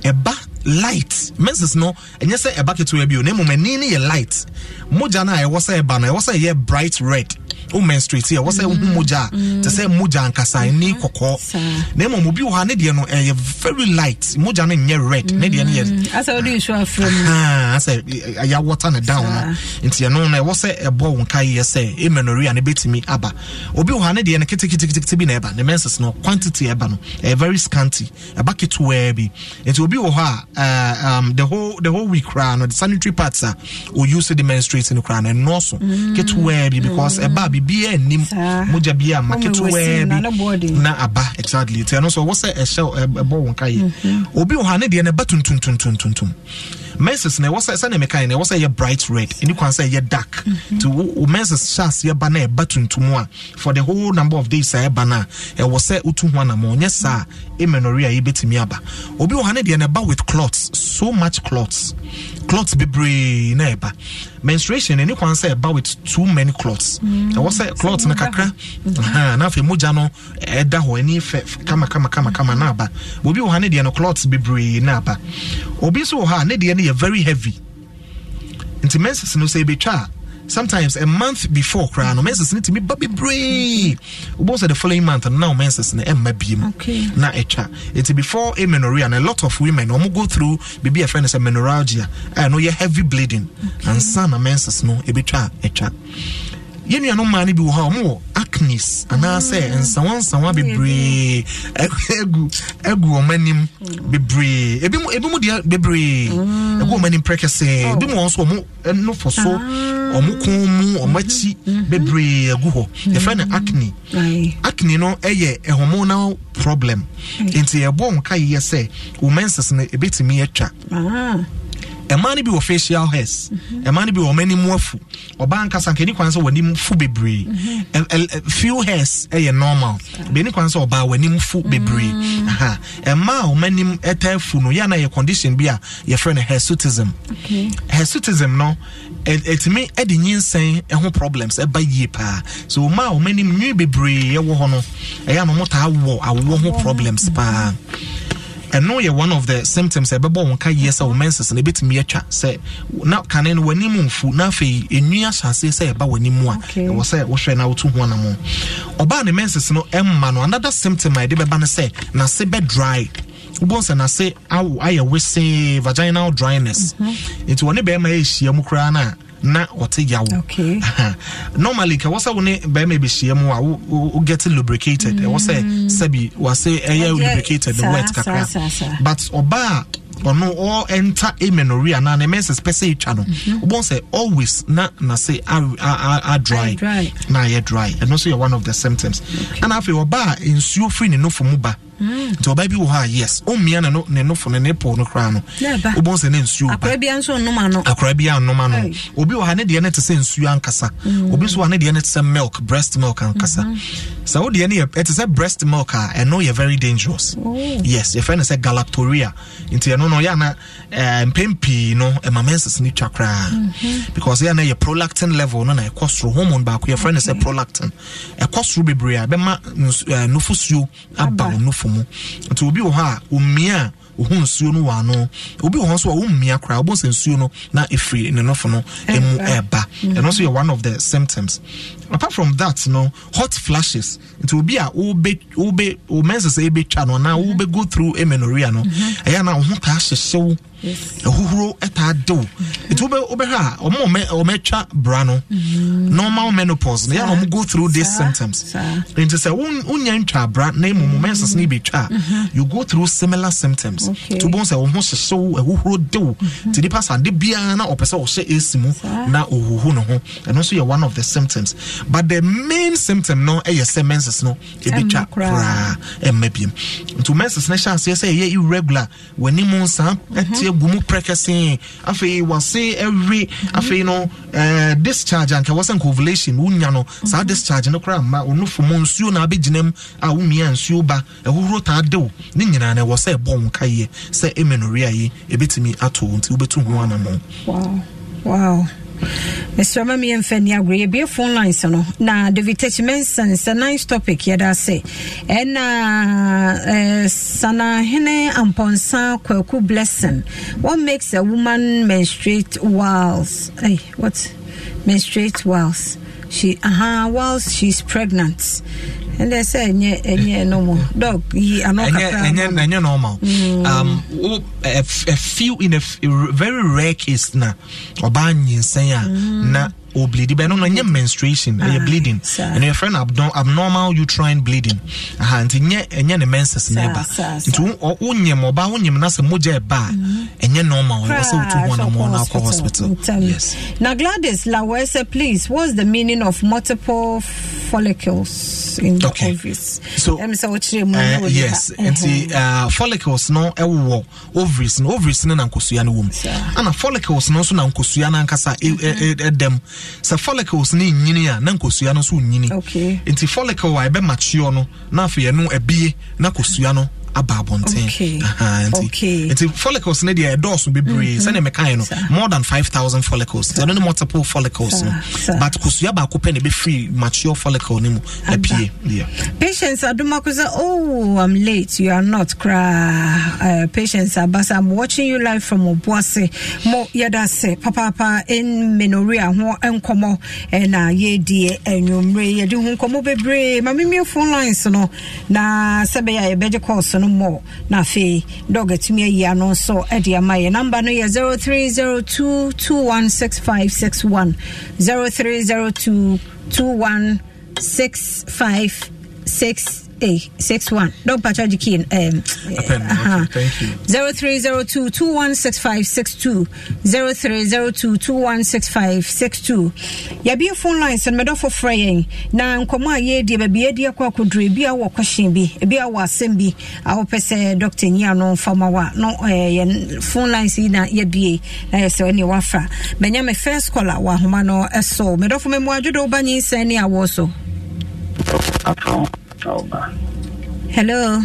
ɛba light menses no ɛnyɛ sɛ ɛba ketewa bio na mmom ɛni no yɛ light mogya no a ɛwɔ sɛ ɛba no ɛwɔ sɛ ɛyɛ bright red O menstruate ɛwɔ sɛ wohu mm-hmm. mogya a mm-hmm. te sɛ mogya ankasa ɛni mm-hmm. kɔkɔɔ na mmom obi wɔ ha ne deɛ no ɛyɛ eh, very light mogya no nyɛ red ne deɛ eh, no yɛ asɛ wode nsu afrɛ mu asɛ ɛyɛ water no down no nti ɛno no ɛwɔ sɛ ɛbɔ wo nka yɛ sɛ ɛmenoria e no bɛtumi aba obi wɔ ha ne deɛ no keteketekete bi na ɛba ne menses no quantity ɛba no ɛyɛ eh, very scanty ɛba ketewaa bi nti obi wɔ hɔ a uh, um, the whole the whole week round, the sanitary pads are uh, we use the menstruating no crown and also mm. get where because mm. a baby be a nim moja be a market where na aba exactly. So also what's a eh, shell a boy one kai obi ohane the batun a tun tun tun tum. menses na ɛwɔ sɛ sɛne mekae na ɛwɔ sɛ ɛyɛ bright red ɛni kwan sɛ ɛyɛ dark nti menses shas yɛba na ɛba tuntum a for the whole number of days a ɛba no a ɛwɔ sɛ wotu ho anamɔ ɔnyɛ saa a ɛmɛnɔre a yɛbɛtumi aba obi wɔ ha ne deɛ no ɛba with cloths. so much cloths clots bebree na ɛba menstruation ɛni kwan sɛ ɛba with too many clots mm. ɛwɔ sɛ clot no kakra na afei mogya no ɛda hɔ ani fɛ kama kama kama kama na aba obi wɔ ha ne deɛ no clots bebree na aba obi nso wɔ ha ne deɛ no yɛ very heavy nti menses no sɛ ebetwa a sometimes a month before cry. no menses no tumi ba bebree wobɛhu sɛ the following month no na wo menses no ɛmma biom na ɛtwa ɛnti before amenorrhea no a lot of women ɔmo go through biribi ɛfrɛ no sɛ menorrhagia you yɛ heavy bleeding okay. ansa na menses no ɛbɛtwa a ɛtwa yɛn nuanom mmaa no bi wɔ hɔ a wɔwɔ acnes anaasɛ nsawansawa mm. bebree ɛgu ɛgu wɔn anim mm. bebree ebi mu ebi mu deɛ mm. oh. ah. mm-hmm. bebree Egu wɔn anim pɛrɛkɛsɛɛ ebi mu wɔn nso wɔn ɛnofo so wɔn kɔn mu wɔn akyi bebree ɛgu hɔ yɛfrɛ no mm-hmm. acne acne no ɛyɛ hormonal problem nti ɛbɔ nkae yɛ sɛ wɔn menses no ebetumi atwa. Ah ɛmaa no bi wɔ facial hairs mhm. ɛmaa no bi wɔ ɔmani mu afu ɔbaa nkasa nka ɛni kwan sɛ wɔnim fu bebree mhm. few hairs ɛyɛ normal bɛni kwan sɛ ɔbaa wɔnim fu bebree mm. ɛmaa ɔmani ɛta afu no yɛn na yɛ condition bi a yɛfrɛ no hirsutism hirsutism no ɛtumi ɛde nyinsɛn ɛho problems ɛba yie paa so ɔmaa ɔmani mu nwi bebree ɛwɔ hɔ no ɛyɛ a na ɔmo ho problems paa. Mm ɛno yɛ one of the symptoms ɛbɛbɔ wɔn ka yie sɛ wɔn menses na ebitumi atwa sɛ na kane no wɔn anim mfu na afei enua hyase sɛ ɛba wɔn anim a ɛwɔ sɛ wɔhwɛ na wotu ho anam ɔbaa ne menses no ɛmma no another symptom a yɛde bɛba no sɛ n'ase bɛ dry wobɛhu sɛ n'ase ayɛ wesee vaginal dryness mhm. nti wɔn ne bɛrima yɛ ahyia mu koraa no na wɔte yawo okay. normally ka wɔ sɛ wo ne bɛrima bɛhyia mu a wo lubricated mm. ɛwɔ sɛ sɛbi wɔase ɛyɛ lubricated wet kakra but ɔbaa ɔno all enter amenorrhea ne menses pɛ sɛ ɛtwa no wobɔ mhm. sɛ always na nase adry na yɛ dry ɛno nso yɛ one of the symptoms okay. ana afei ɔba nsuo firi ne nofo mu ba nti ɔbaa bi wɔ hɔ a yes ɔmmia ne no ne nofo ne ne po no koraa no wobɔ sɛ ne nsuo ba akora bi anoma no obi wɔ ha ne deɛ ne te sɛ nsuo ankasa mm. obi nso wɔ ha ne deɛ ne te sɛ milk breast milk ankasa mm-hmm. sɛ wo deɛ ne yɛ ɛte sɛ breast milk a ɛno yɛ very dangerous oh. yes yɛfrɛ no sɛ galactoria nti ɛno no yɛ ana eh, mpɛn pii no ɛma menses ne twa koraa mm-hmm. because yɛ ana yɛ prolactin level no na ɛkɔ soro hormone baako yɛfrɛ no sɛ mm-hmm. prolactin ɛkɔ soro bebree a bɛma eh, nufosuo aba wo nofo po mu nti obi wɔ hɔ a ɔmmia a ɔhu nsuo no wɔ ano obi wɔ hɔ nso a ɔmmia koraa ɔbɔ sɛ nsuo no na ɛfiri ne nofo no mu ɛba mhm. ɛno nso yɛ one of the symptoms apart from that no hot flashes nti obi a wobe wobe wo menses ɛbɛtwa no anaa mhm. go through amenorrhea no mhm. ɛyɛ anaa wo ho taa hyehyew ahuhuro taa de wo nti wobɛhwɛ a ɔma ɔmɛtwa bra no mm-hmm. normal menopause no go through these symptoms nti sɛ wonya ntwa bra na mm-hmm. mmom you go through similar symptoms nti wobɛhu sɛ wo ho hyehyew ahuhuro de wo nipa sa ade biara na ɔpɛ sɛ ɔhyɛ ɛsi mu na ɔhuhu ne ho ɛno nso yɛ one of the symptoms but the main symptom no ɛyɛ eh, sɛ eh, menses no ɛbɛtwa koraa ɛmma biam nti menses no hyɛ aseɛ sɛ ɛyɛ irregular w'anim nsa ɛteɛ eh, mm-hmm. agu mu afei wase ɛwe afei no eh, discharge anka wɔ sɛ nka no saa discharge no koraa mma ɔnofo nsuo na abɛgyina mu a womia nsuo ba ɛhohoro taa de ne nyinaa no ɛwɔ sɛ ɛbɔ wo sɛ ɛmenorea yi ɛbɛtumi ato nti wobɛtu ho anammɔ wow. wow. mesrɛma miɛmfa ni agorɔ yɛbie phone lines no na david tachmenson sɛ nice topic yɛda se ɛna uh, sanahene amponsa kwaku blessing what makes a woman menstruate whilst hey, what menstruate whilst she uh-huh, whilst she's pregnant And ɛnɛ sɛ yeah, ɛnyɛ normal dog he yi ano Yeah, ɛnyɛ yeah, normal um wo a few in a, a very rare case na ɔbaa nyinsɛn a mm. na or bleed but no no menstruation ah, you're bleeding sir. and your friend abnormal uterine bleeding aha nti nye enye ne menses na ba nti wo nye mo ba wo nye na se moja e ba enye mm-hmm. normal we say to one more na ko hospital yes now gladys lawese please what's the meaning of multiple follicles in the okay. ovaries so em say wo chire mu no yes uh-huh. nti uh, follicles no ewo ovaries no ovaries no na nkosua no wo mu ana follicles no so na nkosua na nkasa edem e, e, e, mm -hmm sɛ follicles ne nyini a na nkosua no nso nyini nti follicle a ɛbɛ mature no na afei ɛno abie na kosua no aba abɔnten nti follicles no deɛ ɛdɔɔso bebree mm-hmm. sɛdeɛ mekae no more than 5000 follicles ɛno ne multiple follicles no but kosua baako pɛ ne bɛfiri mature follicle no mu apie patients adoma ko sɛ oh i'm late you are not koraa uh, eh, patients abasa i'm watching you live from oboase mo yɛda sɛ papaapa menoria ho nkɔmmɔ ɛna eh, yɛdie anwummerɛ eh, yɛde ho nkɔmmɔ bebree ma memie phone lines no na sɛ bɛyɛ a yɛbɛgye calls no mmɔ na afei dɔg atumi ayi ano nso de ama yɛ namba no yɛ 0302216561 0302216561 six one. Don't patch out the key. Um, uh-huh. Thank you. Zero three zero two two one six five six two. Zero three zero two two one six five six two. phone for fraying. a yɛredi baabi yɛdi akɔ akɔduro ebi bi ebi awɔ asɛm bi ahopɛ doctor nyi for my wa no uh, phone lines yi na yɛbie na uh, so any ɔne Many bɛnyɛ first caller wɔ ahoma no ɛsɔ medɔfo mɛmu adwodow ba nyinsɛn ne awɔ so hello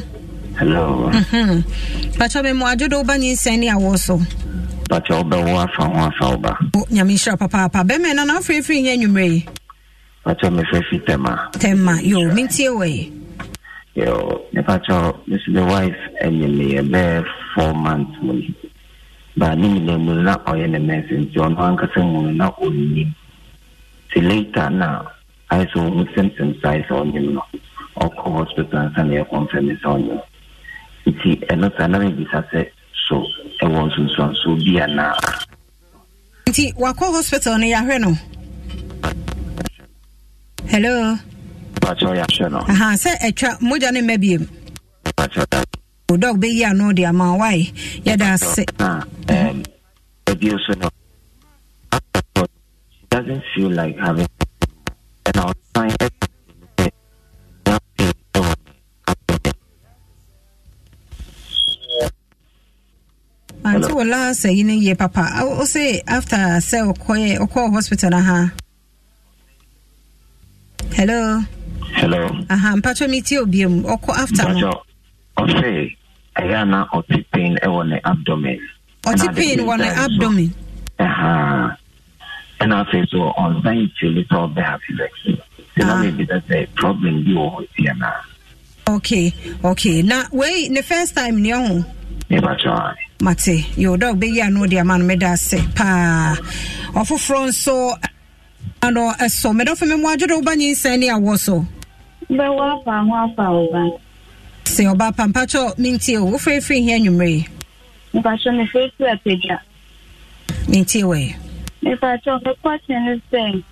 hello mm-hmm. patwa me mo adwodo woba nyinsɛn ne awɔ so patwa wobɛwo afa ho afa woba nyame nhyira papaapa bɛmɛ no na wofirifiri nyɛ anwummerɛ yi patwa mefrɛ fi tɛma tɛma yo mentie wɔ yo ne patwa mesi me wife anyimeyɛ bɛɛ four months mu yi ba ne nyina mu na ɔyɛ ne nɛse nti ɔno ankasa mu na ɔnnim nti later na ayɛ sɛ ɔhu sɛmsɛm saa ayɛ sɛ ɔnim no ɔkɔ hospital ansa na yɛkɔmfɛ me sɛ ɔnyɛ nti ɛno saa na mebisa sɛ so ɛwɔ nsonsuansoɔ bi anaa nti wakɔ hospital no yɛahwɛ no hello pakyɛ yɛahwɛ no aha sɛ ɛtwa mogya ne mma biam dɔg bɛyi ano de ama wae yɛda ase bio so no doesn't feel like having and I'll find anti wɔ last no yie papa wo se after sɛ wokɔyɛ wokɔɔ hospital no ha hello hello aha mpatwɛ metie obia mu after no ɔse ɛyɛ na ɔte pain ɛwɔ e ne abdomen ɔte pain wɔ ne abdomen ɛha ɛna afei so ɔnsan kyele sɛ ɔbɛ hapivaxi sɛna mebisa sɛ problem bi wɔ hɔ sie naa okay okay na wei ne first time ne ɔho mate yo dog bɛyi a no de ama no meda ase paa ɔfoforɔ nso ano ɛsɔ medɔfo me mmoagye de woba nyinsɛn ne awɔ so e bɛwɔ afa ho afa ɔba sɛ ɔba pa mpakyɛ mentie o wofrɛfiri hia anwummerɛ mpakyɛ mefrɛfiri apagya mentie wɛ mepakyɛ mekɔkye ne sɛ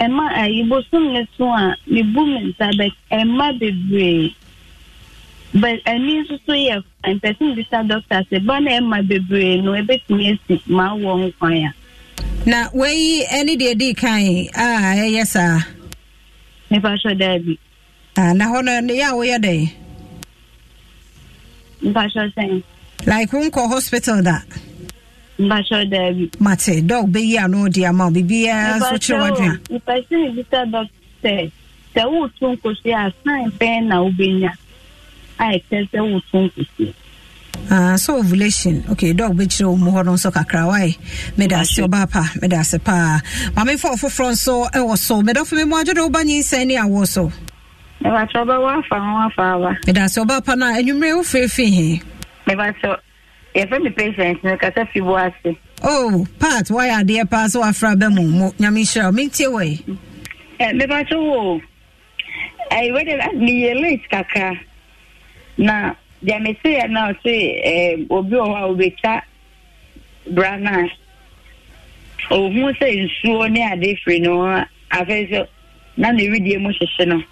ɛma ayi bosom ne so a mebu me nsa bɛ ɛma e bebree but ẹni nsoso yẹ fine person bisa doctor sẹ bọ́n náà ma bebree no ẹ bẹ tún yẹ si máa wọ nkwan ya. na wẹ́yí ẹni deɛ di kan a ɛyɛ saa. nípa sọ dẹ́ẹ̀bi. na hɔ no ne yɛ a woyɛ dɛ. like nkɔ hospital da. nípa sọ dẹ́ẹ̀bi. mate dɔw bɛ yi ano di ama o bibiara so kyerɛ wa doctor sẹ sẹ wò tún kò sí a a ɛkyɛ sɛ woto nkusie Uh, ah, so ovulation okay dog bɛkyerɛ wɔ mu hɔ no nso kakra wae mede ase ɔba pa mede ase paa mamemfa ɔfoforɔ nso ɛwɔ e so medɔfo me mu adwo de woba nyinsɛn ne awoɔ so mebakyɛ wobɛwɔ afa ho afa aba mede ase ɔba pa no a anwummerɛ wo frɛ fi he mebakyɛ yɛfɛ me patient no kasa fi bo ase oh part woayɛ adeɛ paa sɛ woafra bɛ mu mo nyame hyira wo mentie wɔ ɛ mebakyɛ wo ɛwɛde eh, meyɛ eh, late kakra na deɛ mese yɛ na ɔse eh, obi wɔ hɔ a obetwa bra no a ohu sɛ nsuo ne ade firi no ho afei sɛ na ne widie mu hyehye no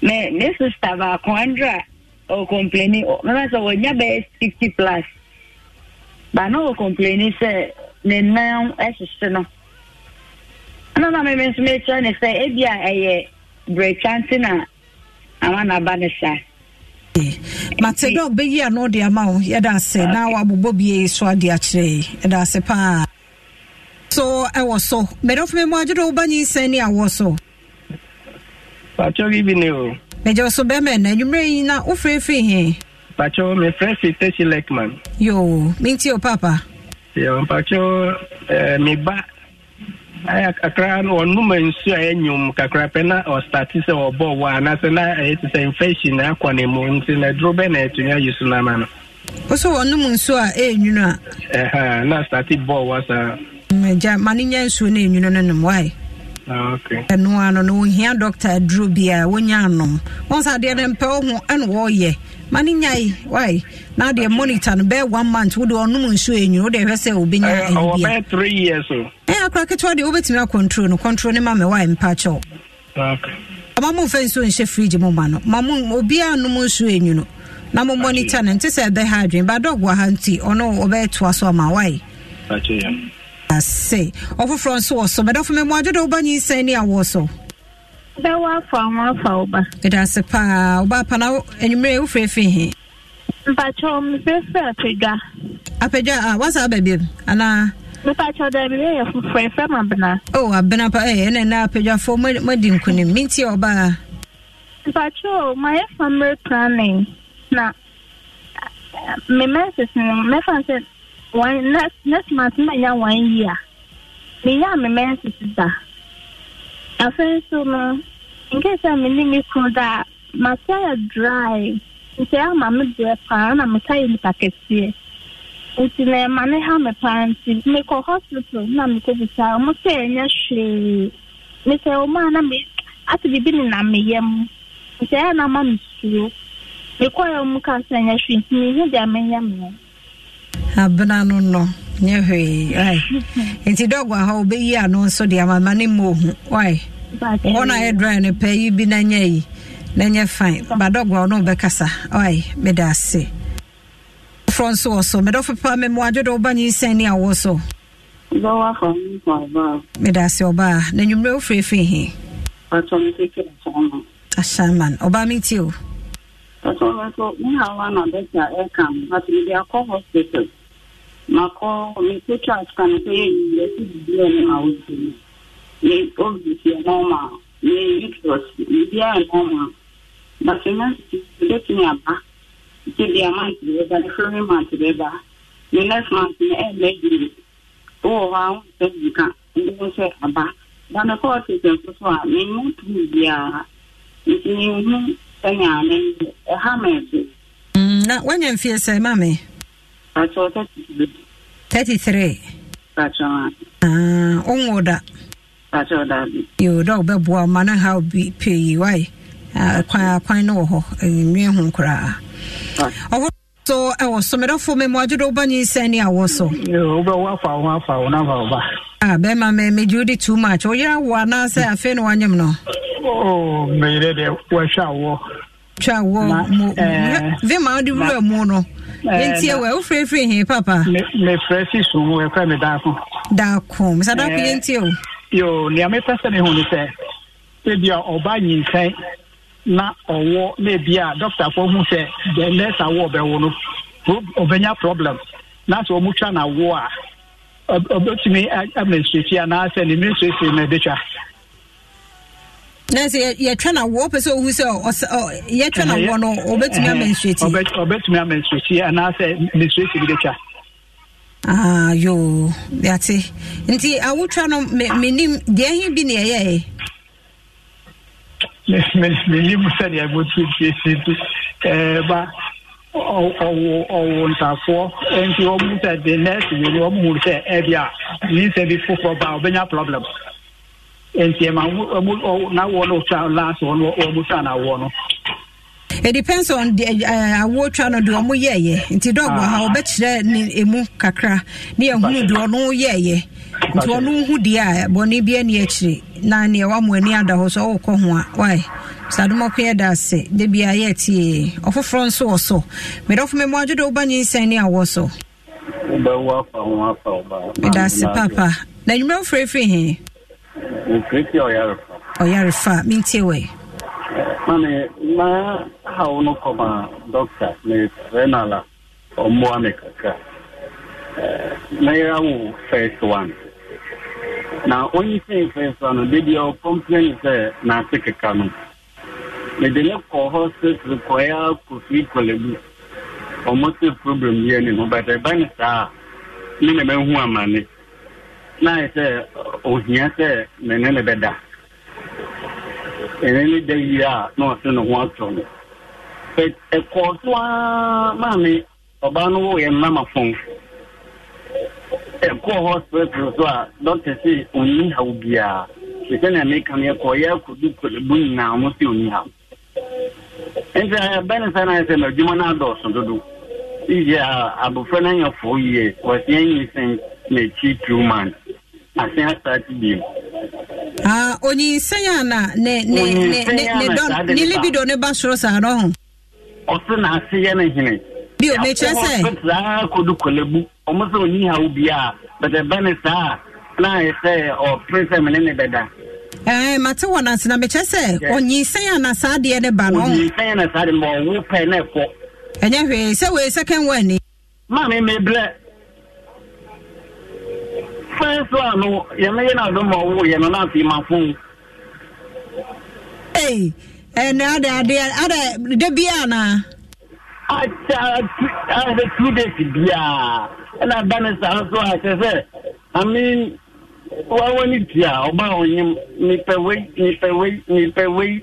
me me sista baako andra ɔkɔmpleni mɛma sɛ wɔnya bɛyɛ sixty plus ba na ɔkɔmpleni sɛ ne nan hyehye no ɛna na meme nso mekyerɛ ne sɛ ebi a ɛyɛ brɛtwa na ama n'aba ne saa okay mate dɛ ɔbɛyi a na ɔde ama wo yɛda ase na wabobɔ bie so ade akyerɛ yɛda ase paa so ɛwɔ so mɛdɔfo me mu agye dɛ woba nyinsɛn ne awɔ so pakyɛ bibi ne o mɛgye so bɛmɛ na anwummerɛ yi na wofirɛfiri he pakyɛ mefrɛ fi lekman yo mentie o papa yɛ pakyɛ eh, meba kakra no ɔnom nsu a ɛnwom kakra pɛ na ɔstate sɛ ɔbɔ wɔ anaasɛ na ɛyɛ te sɛ infection akɔ ne mu nti na duro bɛ na ɛtumi ayi so no ama no wo so wɔnom nsu a ɛɛnwunu a na state bɔɔ wɔ saa magya ma no nyɛ nsuo no ɛnwunu no nom wae Ah, ɛno ano no ohia Dr. aduro bi a wonya anom wɔn sɛ adeɛ no mpɛ wo ho ɛne wɔɔyɛ ma ne nyae wae na deɛ monitor no bɛɛ one month wode ɔnom nsuo ɛnwunu wode ɛhwɛ sɛ wobɛnya ɛbia three akora ketewa deɛ wobɛtumi akɔntro no kɔntro ne ma me wae mpa kyɛw ah, ɔma momfa nsuo nhyɛ fridge mu ma no ma mo obiaa nom nsuo ɛnwunu na mo monitor no nte sɛ ɛbɛha adwene ba dɔg ha nti ɔno ɔbɛɛtoa so ama wae ase ɔfoforɔ nso wɔ so mɛdɔfo mɛ mu adwodo woba nyinsɛn ne awoɔ so bɛwɔ afa mo afa wo ba ɛda ase paa woba apa na anwummerɛ wofrɛ fi he mpakyɛw mefrɛ frɛ apagwa apagwa a wasa aba biam anaa mepakyɛw dɛ meyɛ yɛ foforɔ ɛfrɛ ma bena o oh, abena pa ɛ eh, ɛna ɛna apagwafoɔ moadi nkonim mentie ɔbaa mpakyɛw mayɛ family planning na eh, me message no mɛfa sɛ next month na ya one year me ya me me sister afei so no in case I'm in me cool that my tire dry nti ama me dry paa na me tire nipa kɛseɛ nti na ɛma ha me paa nti mekɔ hospital na mekɔ bisa ɔmo sɛ ɛnyɛ a na me ka abena no no nyɛ hwee ai nti dɔgo a hɔ ihe anụ nso dị amama ne ma ohu ọ na no ayɛ dry n'enye yi na nyɛ na fine ba dɔgo a ɔno wobɛkasa ai mede ase foforɔ nso wɔ so medɔfo pa memoadwo de na That's all right. So me and one of the aircam, but we are called hospital. Mako, me put us can say yes, blame out. Me obviously normal. Me uterus, me are normal. But you know, let me aba. Ti di a month together, the following month together. The next month, the end lady. Oh, wow, that you can. And then say aba. But me call hospital so far. Me not to be a. It's me ɛnya ne ɛha ma ɛbi. Mm, na wanya mfie sɛ ma me. bàtò thirty three. thirty three. Ah, bàtò ma. ɔnwó da. bàtò da bi. yoo dɔw bɛ bu ɔma na ha bi pee yi waaye ah, kwan kwan no wɔ hɔ eh, nwi ho koraa. ɔwɔ so ɛwɔ so medɔfo me mu adwodo woba nyinsɛn ne awɔ so wobɛwo afa wo ho afa wo na mfa wo ba a bɛma me megye wode too much woyera wo anaasɛ afei ne woanyem no meyerɛ deɛ wɔahwɛ awoɔ twa wɔ vema wode wura mu no ntie wɔ wofrɛfiri he papa mefrɛ si so mu ɛfrɛ me daako daako mesa daako yɛntie o yo nea mepɛ sɛ mehu ne sɛ ebia ɔba nyinsɛn na ọwụwa na-ebi a dọkịta kwa hụ sị the next awọ ọbịawo no ọbịanya problem na sị ọmụ twa na awọ a ọbịatumi administrate ya na asị na administrate na ebe twa. nansi yɛtwa na wo pɛ sɛ ohu sɛ yɛtwa na wo no obɛtumi amenstrate obɛtumi amenstrate anaasɛ menstrate bi de twa ayo ah, yate nti awotwa no menim deɛ he bi ne ɛyɛɛ menim sɛdeɛ motuatie si nti ba ɔwo ntafoɔ nti ɔmu sɛ de nɛɛse wei ɔmuhuru sɛ ɛbi a bi foforɔ ba problem nti ɛma na wɔ no twa last wɔ ɔmu na wɔ no it depends on the awo twa no yɛɛyɛ nti dɔgba ha ɔbɛkyerɛ emu kakra yɛɛyɛ nti ɔno hu deɛ a bɔne akyire na neɛ wamo ani ada hɔ so wowokɔ ho a wae sadom ko yɛda ase da bia yɛtie ɔfoforɔ nso wɔ so medɔfo me mmoadwo woba nyinsɛn ne awɔ so meda ase papa na nwummerɛ wofrɛfiri he ɔyarefa mentie wɛ ma eh, na first one na onye isi infensa no debia ọ kọmplen e sị na asị keka no mede ne kọ hospital kọya kofi kọlebu ọmọ sị problem yie ne hụ bata ebe ne saa ne na mehu amane na ayɛ sɛ ohia sɛ ne ne ne bɛda ɛne ne da yie a na ɔsɛ ne ho atɔ no ɛkɔɔ so a maame ɔbaa no wɔ yɛ mmama fɔn ɛkɔ hospital so a dɔkta sɛ ɔnni haw biara sɛ sɛnea meka no yɛ akɔdu kɔlebu nyinaa mo sɛ ɔnni haw nti ɛbɛne sɛ no ayɛ sɛ madwuma no adɔɔso dodo no yie nyi sɛn two asate biom onyinsɛn a na ne ne libido ne ba soro saa no na hene. bio mekyerɛ sɛ saa kɔdu kɔlɛbu ɔmo sɛ ɔnyi ha wo bia e eh, a bɛtɛ bɛne saa na ayɛ sɛ ɔpere sɛ mene ne bɛda ɛɛ mate wɔ nase na mekyerɛ sɛ ɔnyinsɛn saa deɛ ne ba no ɔnyinsɛn saa ma ɔwo pɛ na ɛnyɛ hwee sɛ wɔ ani maame mebrɛ fɛn so a no ma ɔwo yɛ no na afei ei ɛnɛ da bia anaa akyɛ ah, two days biaa ɛna da ne saa nso akyɛ sɛ amen wawa ne tia ɔba a ɔnyim nipɛ wei nipɛ wei nipɛ wei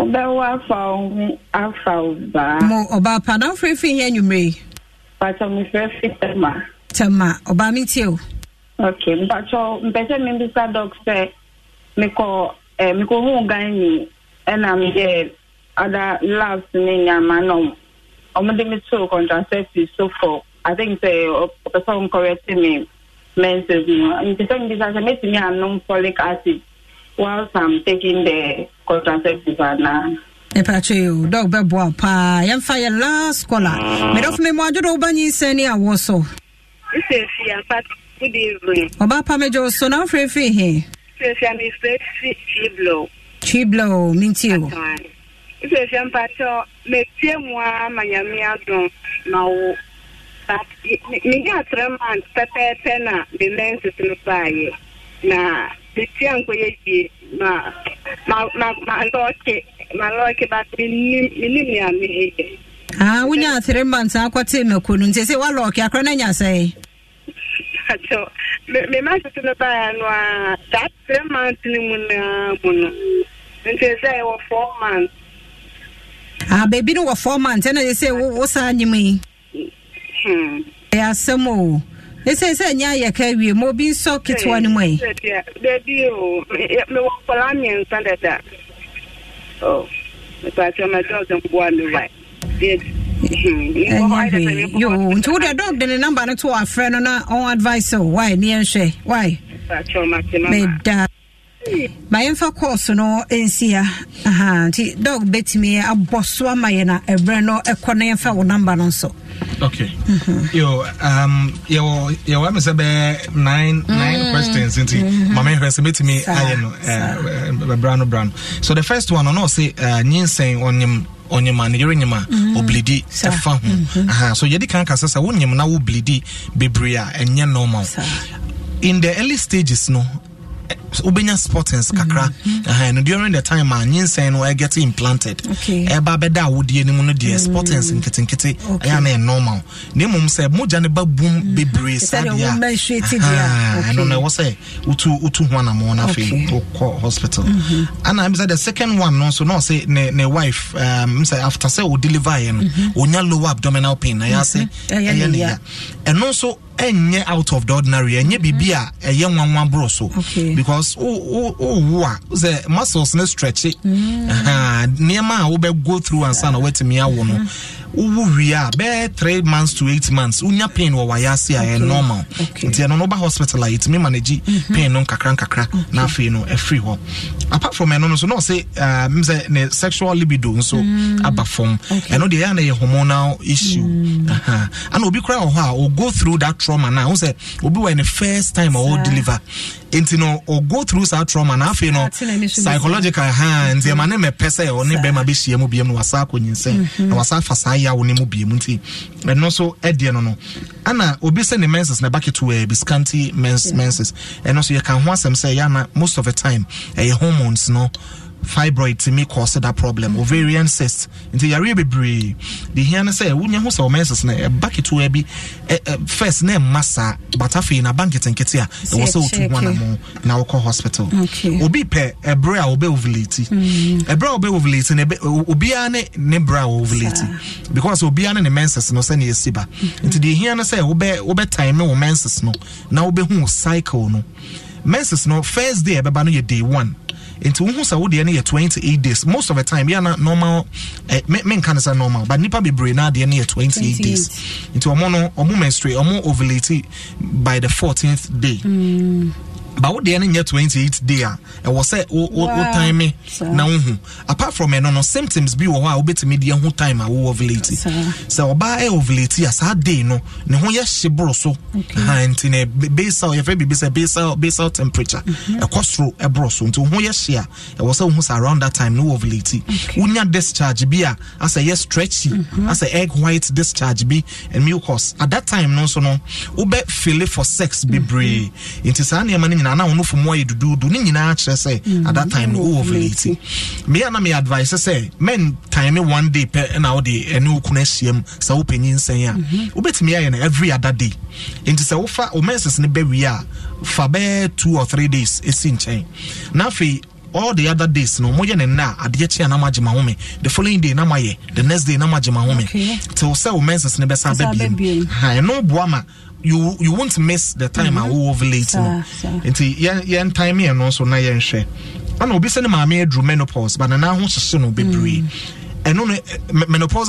wobɛwo afa wo ho afa wo baa mo ɔbaa pa na wofrɛ fii yɛ anwummerɛ yi patɔ mefrɛ fi tɛma tɛma ɔbaa me tie o ok mpatɔ mpɛ sɛ membisa dɔk sɛ mekɔ eh, mekɔhuu gan ni ɛna meyɛ ada labs ne nyama na ɔmode me too contraceptive so for i think sɛ ɔpɛ sɛ wonkɔrɛte me menses no nti sɛ mbisa sɛ mɛtumi anom folic acid whilst I'm taking the contraceptive and ɛpɛatwe o dɔk bɛboa wo paa yɛmfa yɛ last caller ah. medɔfo me mu adwodo woba nyinsɛne a wo so ɔba pa megye wo so na wofrɛ fii he twiblo mentie o sɛsia mpakyɛ metie mu a ma nyame adom ma wo menya trɛ mont pɛpɛɛpɛ na me menses no baayɛ na metua nkɔyɛ yie ma ma ma ma lɔɔke ma lɔɔke ba menim mi nea meyɛ. aa wonya three months akɔte mako no nti sɛ woalɔɔke akora no anya sɛe achọ mema tete no baɛ no a saa three months no mu noa mu no nti sɛ ɛwɔ four months a baabi no wɔ four months ɛna sɛ wo saa nyem hmm. yi ɛyɛ asɛm o ɛsɛ sɛ ɛnyɛ ayɛ ka awie ma obi nsɔ ketewa no mu ɛ dabi o oh, mewɔ nkɔla mmiɛnsa dada mepɛsɛ mɛdɔɔsɛ mboa me wa nti wode dɔg de ne namba no to wɔ afrɛ no na ɔn advice o wae ne yɛnhwɛ wae meda ma yɛmfa kɔɔso no nsia nti dog bɛtumi abɔ so ama yɛ na ɛberɛ no ɛkɔ na yɛmfa wo namba no nso okay mhm. yo um yo yo wa me say nine nine mm. questions nti mhm. mama hwe say betimi aye no eh brand eh, brand so the first one no say uh, eh, nyinsen onim onyima ne yere nyima mhm. oblidi ɛfa ho aha so yɛde kan kasa sɛ wonyim na woblidi bebree a ɛnyɛ normal in the early stages no wobɛnya eh, spottings kakra mhm. no during the time a ah, nyinsɛn no ɛgɛte eh, implanted ɛba eh, bɛda awodeɛ no mu no deɛ spottings mm. nketenkete ɛyɛ na ɛnormal na mmom sɛ mogya no ba bum mhm. bebree saadeɛɛno no ɛwɔ sɛ wotu ho anamo no afei wokɔ hospital mhm. ana m the second one no nso na ɔse ne, ne wife um, after sɛ odeliverɛ no ɔnya lower abdominal pain na ɛyɛ ɛyɛ ne ya ɛno nso ɛnyɛ out of the ordinary ɛnyɛ mhm. biribi a ɛyɛ nwanwa borɔ so because wowo a sɛ muscles no stretch mhm. nneɛma a go through ansa na woatumi awo no mhm wowu wie a bɛɛ three months to eight months wonya pain wɔ wayɛ ase a ɛyɛ normal nti ɛno no woba hospital a yɛtumi ma no pain no nkakra nkakra na afei no ɛfiri e hɔ apart from ɛno eh, no so na ɔse uh, m sɛ ne sexual libido nso mm. aba fam ɛno deɛ ɛyɛ na yɛ hormonal issue mm. ana obi koraa wɔ hɔ a ɔgo through that trauma no a wo sɛ obi wɔ ne first time a ɔwɔ deliver nti no go through saa trauma na afei no psychological ha nti mm-hmm. ɛma ne mɛpɛ sɛ ɔne bɛrima bɛhyia mu biam na wasa akɔ mm-hmm. na wasa afa saa yawo ne mu biam nti ɛno nso ɛdeɛ no no ana obi sɛ ne menses na ɛba ketewaa eh, scanty menses ɛno nso yɛka ho asɛm sɛ yɛana most of the time ɛyɛ hormones no fibroid tumi cause that problem ovarian cyst nti yareɛ bebree de hia no sɛ wonya ho sɛ na, back it ketewa bi first name na ɛmma saa but afei naba nketenkete a ɛwɔ sɛ wotu ho anamo na wokɔ hospital obi pɛ ɛberɛ a Obi ovulati ɛberɛ obi wobɛ ovulati mm. no obiara ne ne berɛ a wovulati because obi ne ne mensis no sɛne ɛsi ba nti deɛ hia no sɛ wobɛtime wo mensis no na wobɛhu cycle no mensis no first day ɛbɛba no yɛ day one nti wohu sɛ wodeɛ no yɛ 28 days most of the time yɛna normal eh, menka no sɛ normal but nnipa bebree no adeɛ no yɛ 28 days nti ɔmo no ɔmo menstrate ɔmo ovulate by the 14th day mm but wo deɛ no nyɛ 28 day a ɛwɔ sɛ wo time me now. wohu mm-hmm. apart from ɛno eh, no symptoms bi wɔ hɔ a wobɛtumi deɛ ho time I ovulate So ɔbaa ɛ eh, ovulate a saa day no ne ho yɛ hye boro so nti ne eh, basal yɛfrɛ biribi sɛ basal basal temperature ɛkɔ soro ɛboro so nti wo ho yɛ hye a was sɛ wohu sɛ around that time no ovulate. ovulate wonya discharge bi ah, a asɛ yɛ stretchy mm-hmm. a egg white discharge be and mucus at that time no so no wobɛ fele for sex bebree mm-hmm. ah, nti saa nneɛma no nyinaa na na ɔno fom ayɛ duduudu ne nyinaa kyerɛ sɛ mm. at that time no wowɔ veleti mea na me advice sɛ men time ne one day pɛ na wode ɛne wo kunu ahyiam sɛ wopɛnyi nsɛn a mhm. wobɛtumi ayɛ no every other day nti sɛ wofa wo menses no bɛwie a fa bɛɛ two or three days ɛsi nkyɛn na afei all the other days no moyɛ ne nna adeɛ kyea na magye ma the following day na the next day na magye home okay. till sɛ wo menses no bɛsa bɛbiam ɛno boa you you won't miss the time mm-hmm. a wo ovulate no nti yɛn time yɛn no nso na yɛnhwɛ ana obi sɛ ne maame aduru menopause ba nana ho hyehye be free. And no mm. eh, menopause